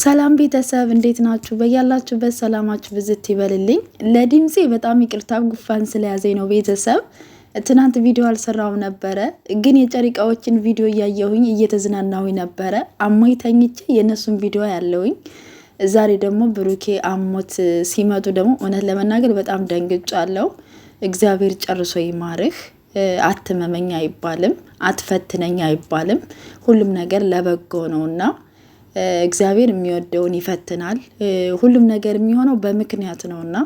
ሰላም ቤተሰብ እንዴት ናችሁ? በያላችሁበት ሰላማችሁ ብዝት ይበልልኝ። ለድምፄ በጣም ይቅርታ ጉፋን ስለያዘኝ ነው። ቤተሰብ ትናንት ቪዲዮ አልሰራው ነበረ፣ ግን የጨሪቃዎችን ቪዲዮ እያየሁኝ እየተዝናናሁኝ ነበረ። አሞኝ ተኝቼ የእነሱን ቪዲዮ ያለውኝ። ዛሬ ደግሞ ብሩኬ አሞት ሲመጡ ደግሞ እውነት ለመናገር በጣም ደንግጫለሁ። እግዚአብሔር ጨርሶ ይማርህ። አትመመኝ አይባልም፣ አትፈትነኝ አይባልም። ሁሉም ነገር ለበጎ ነውና እግዚአብሔር የሚወደውን ይፈትናል። ሁሉም ነገር የሚሆነው በምክንያት ነው እና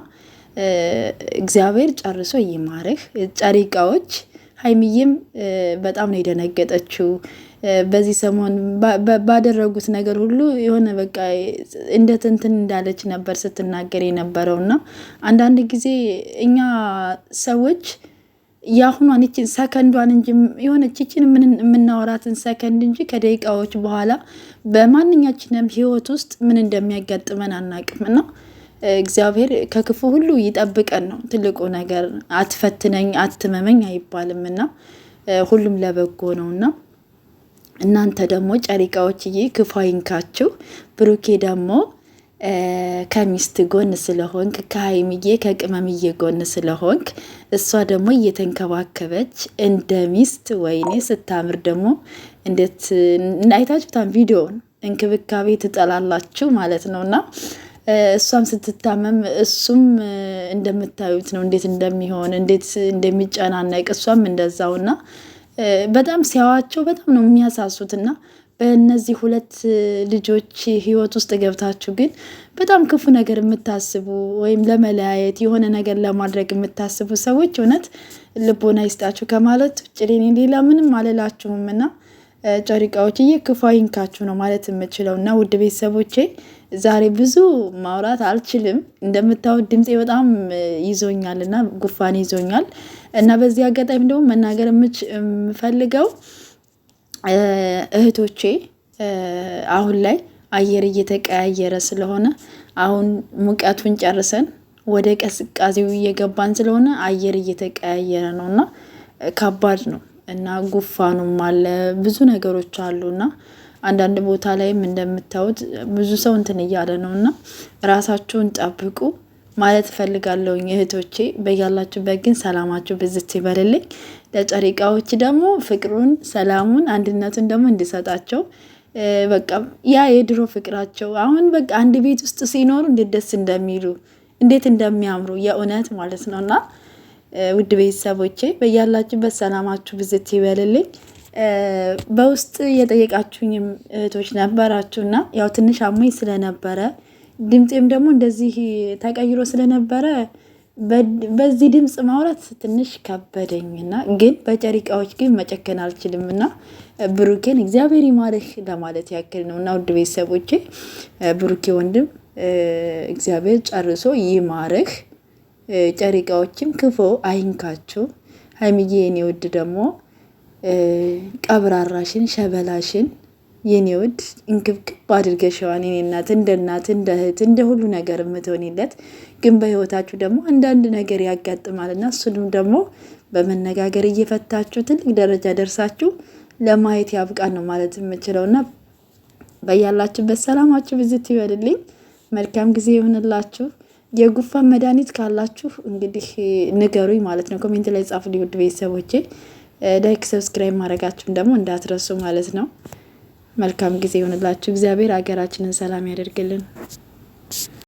እግዚአብሔር ጨርሶ ይማርህ። ጨሪቃዎች ሀይሚዬም በጣም ነው የደነገጠችው። በዚህ ሰሞን ባደረጉት ነገር ሁሉ የሆነ በቃ እንደ ትንትን እንዳለች ነበር ስትናገር የነበረው እና አንዳንድ ጊዜ እኛ ሰዎች የአሁኗን ይችን ሰከንዷን እንጂ የሆነች ይችን የምናወራትን ሰከንድ እንጂ ከደቂቃዎች በኋላ በማንኛችንም ህይወት ውስጥ ምን እንደሚያጋጥመን አናቅም እና እግዚአብሔር ከክፉ ሁሉ ይጠብቀን ነው ትልቁ ነገር። አትፈትነኝ አትመመኝ አይባልም እና ሁሉም ለበጎ ነው እና እናንተ ደግሞ ጨሪቃዎችዬ ክፉ አይንካችሁ። ብሩኬ ደግሞ ከሚስት ጎን ስለሆንክ ከሀይሚዬ ከቅመምዬ ጎን ስለሆንክ እሷ ደግሞ እየተንከባከበች እንደ ሚስት ወይኔ ስታምር ደግሞ እንዴት በጣም ቪዲዮውን እንክብካቤ ትጠላላችሁ ማለት ነው እና እሷም ስትታመም እሱም እንደምታዩት ነው እንዴት እንደሚሆን እንዴት እንደሚጨናነቅ እሷም እንደዛውና በጣም ሲያዋቸው በጣም ነው የሚያሳሱትና በእነዚህ ሁለት ልጆች ህይወት ውስጥ ገብታችሁ ግን በጣም ክፉ ነገር የምታስቡ ወይም ለመለያየት የሆነ ነገር ለማድረግ የምታስቡ ሰዎች እውነት ልቦና ይስጣችሁ ከማለት ውጭ ሌላ ምንም አልላችሁም እና ጨሪቃዎች እየ ክፉ አይንካችሁ ነው ማለት የምችለው እና ውድ ቤተሰቦቼ ዛሬ ብዙ ማውራት አልችልም። እንደምታዩት ድምፄ በጣም ይዞኛል እና ጉፋን ይዞኛል እና በዚህ አጋጣሚ ደግሞ መናገር የምፈልገው እህቶቼ አሁን ላይ አየር እየተቀያየረ ስለሆነ አሁን ሙቀቱን ጨርሰን ወደ ቀስቃዜው እየገባን ስለሆነ አየር እየተቀያየረ ነው እና ከባድ ነው እና ጉፋኑም አለ ብዙ ነገሮች አሉ እና አንዳንድ ቦታ ላይም እንደምታዩት ብዙ ሰው እንትን እያለ ነው እና ራሳችሁን ጠብቁ። ማለት እፈልጋለሁኝ እህቶቼ። በያላችሁበት ግን ሰላማችሁ ብዝት ይበልልኝ። ለጨሪቃዎች ደግሞ ፍቅሩን፣ ሰላሙን፣ አንድነቱን ደግሞ እንዲሰጣቸው በቃ ያ የድሮ ፍቅራቸው አሁን በቃ አንድ ቤት ውስጥ ሲኖሩ እንዴት ደስ እንደሚሉ እንዴት እንደሚያምሩ የእውነት ማለት ነው። እና ውድ ቤተሰቦቼ በያላችሁበት ሰላማችሁ ብዝት ይበልልኝ። በውስጥ የጠየቃችሁኝም እህቶች እና ያው ትንሽ አሞኝ ስለነበረ ድምፄም ደግሞ እንደዚህ ተቀይሮ ስለነበረ በዚህ ድምፅ ማውራት ትንሽ ከበደኝና ግን በጨሪቃዎች ግን መጨከን አልችልም እና ብሩኬን እግዚአብሔር ይማርህ ለማለት ያክል ነው። እና ውድ ቤተሰቦቼ ብሩኬ ወንድም እግዚአብሔር ጨርሶ ይማርህ፣ ጨሪቃዎችም ክፎ አይንካችሁ። ሀይሚዬ የኔ ውድ ደግሞ ቀብራራሽን ሸበላሽን የኔ ውድ እንክብክብ አድርገሽዋን የኔ እናት እንደ እናት እንደ እህት እንደ ሁሉ ነገር የምትሆንለት ግን በህይወታችሁ ደግሞ አንዳንድ ነገር ያጋጥማልና እሱንም ደግሞ በመነጋገር እየፈታችሁ ትልቅ ደረጃ ደርሳችሁ ለማየት ያብቃን ነው ማለት የምችለውና በያላችሁበት ሰላማችሁ ብዝት ይበልልኝ። መልካም ጊዜ ይሆንላችሁ። የጉፋን መድኃኒት ካላችሁ እንግዲህ ንገሩኝ ማለት ነው። ኮሜንት ላይ ጻፉልኝ ውድ ቤተሰቦቼ። ላይክ፣ ሰብስክራይብ ማድረጋችሁም ደግሞ እንዳትረሱ ማለት ነው። መልካም ጊዜ ይሆንላችሁ። እግዚአብሔር ሀገራችንን ሰላም ያደርግልን።